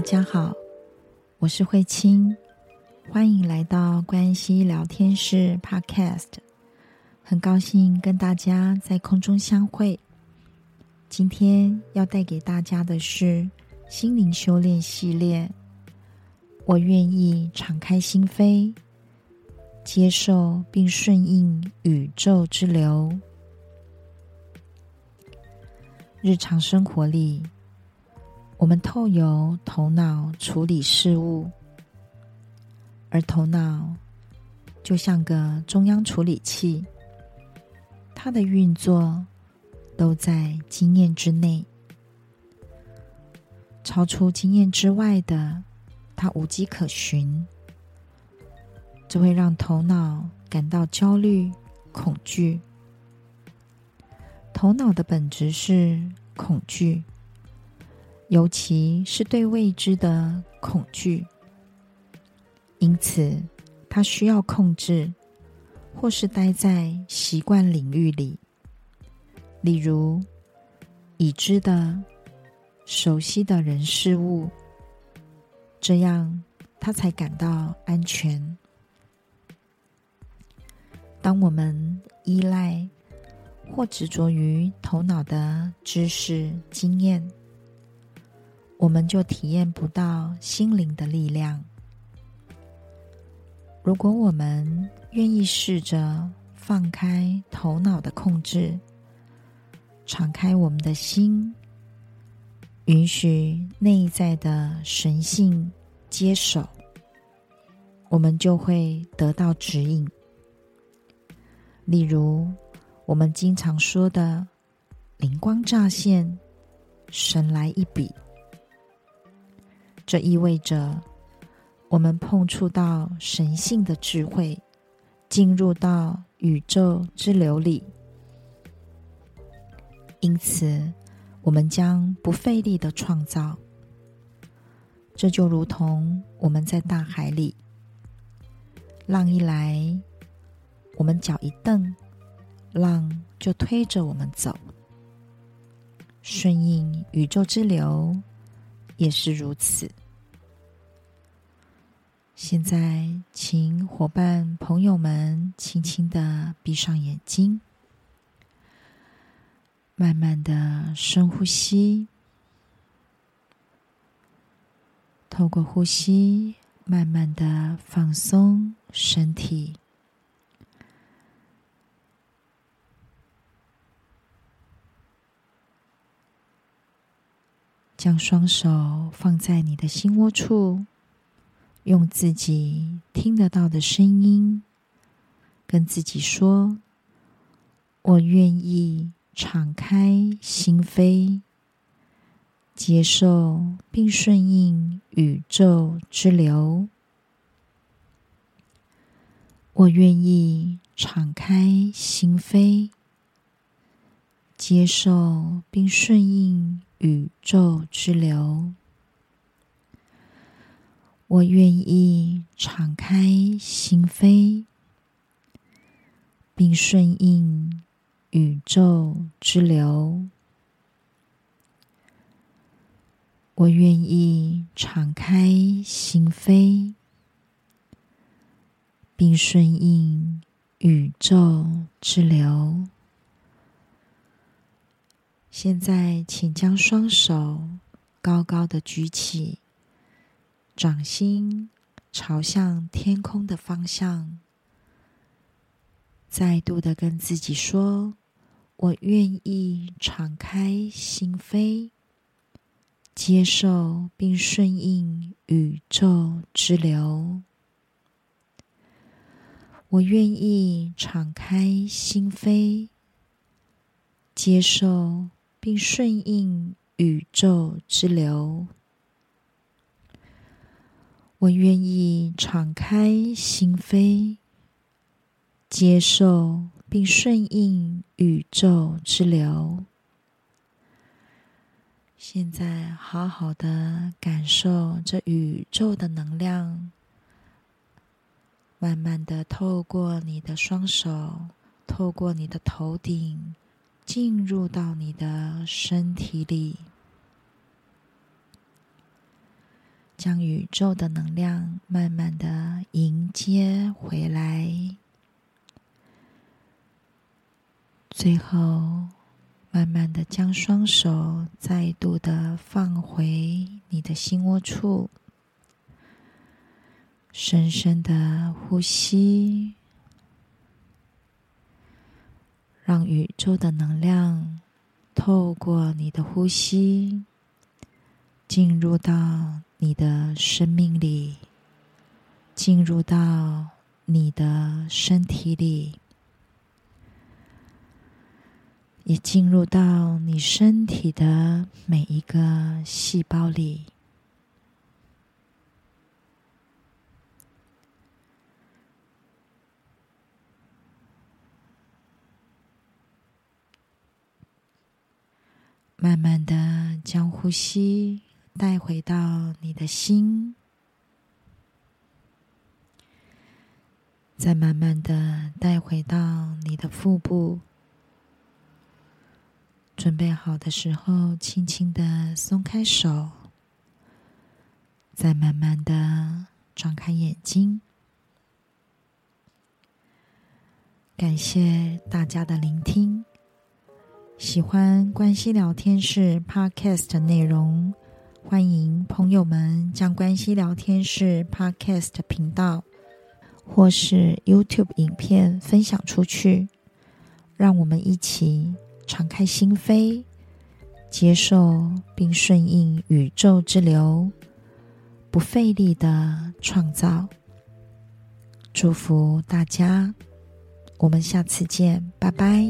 大家好，我是慧卿，歡迎來到關係聊天室 Podcast。很高興跟大家在空中相會。今天要帶給大家的是心靈修煉系列。我願意敞開心扉，接受並順應宇宙之流。日常生活裡。我們透由頭腦處理事物，而頭腦就像個中央處理器，它的運作都在經驗之內。超出經驗之外的，它無跡可尋，這會讓頭腦感到焦慮、恐懼。頭腦的本質是恐懼。尤其是對未知的恐懼，因此他需要控制，或是待在習慣領域裡，例如已知的、熟悉的人事物，這樣他才感到安全。當我們依賴或執着於頭腦的知識、經驗，我們就體驗不到心靈的力量。如果我們願意試着放開頭腦的控制，敞開我們的心，允許內在的神性接手，我們就會得到指引。例如，我們經常說的“靈光乍現”，“神來一筆”。這意味着，我們碰觸到神性的智慧，進入到宇宙之流裡。因此，我們將不費力的創造。這就如同我們在大海裡，浪一來，我們腳一蹬，浪就推着我們走，順應宇宙之流。也是如此。現在，請夥伴朋友們輕輕的閉上眼睛，慢慢的深呼吸，透過呼吸，慢慢的放鬆身體。將雙手放在你的心窩處，用自己聽得到的聲音跟自己說：“我願意敞開心扉，接受並順應宇宙之流。我願意敞開心扉，接受並順應。”宇宙之流，我願意敞開心扉，並順應宇宙之流。我願意敞開心扉，並順應宇宙之流。現在，請將雙手高高的舉起，掌心朝向天空的方向。再度的跟自己說：“我願意敞開心扉，接受並順應宇宙之流。”我願意敞開心扉，接受。並順應宇宙之流，我願意敞開心扉，接受並順應宇宙之流。現在好好的感受這宇宙的能量，慢慢的透過你的雙手，透過你的頭頂。進入到你的身體裡，將宇宙的能量慢慢的迎接回來，最後慢慢的將雙手再度的放回你的心窩處，深深的呼吸。讓宇宙的能量透過你的呼吸，進入到你的生命裡，進入到你的身體裡，也進入到你身體的每一個細胞裡。慢慢的將呼吸帶回到你的心，再慢慢的帶回到你的腹部。準備好的時候，輕輕的鬆開手，再慢慢的張開眼睛。感謝大家的聆聽。喜歡關係聊天室 Podcast 的內容，歡迎朋友們將關係聊天室 Podcast 的頻道或是 YouTube 影片分享出去，讓我們一起敞開心扉，接受並順應宇宙之流，不費力的創造。祝福大家，我們下次見，拜拜。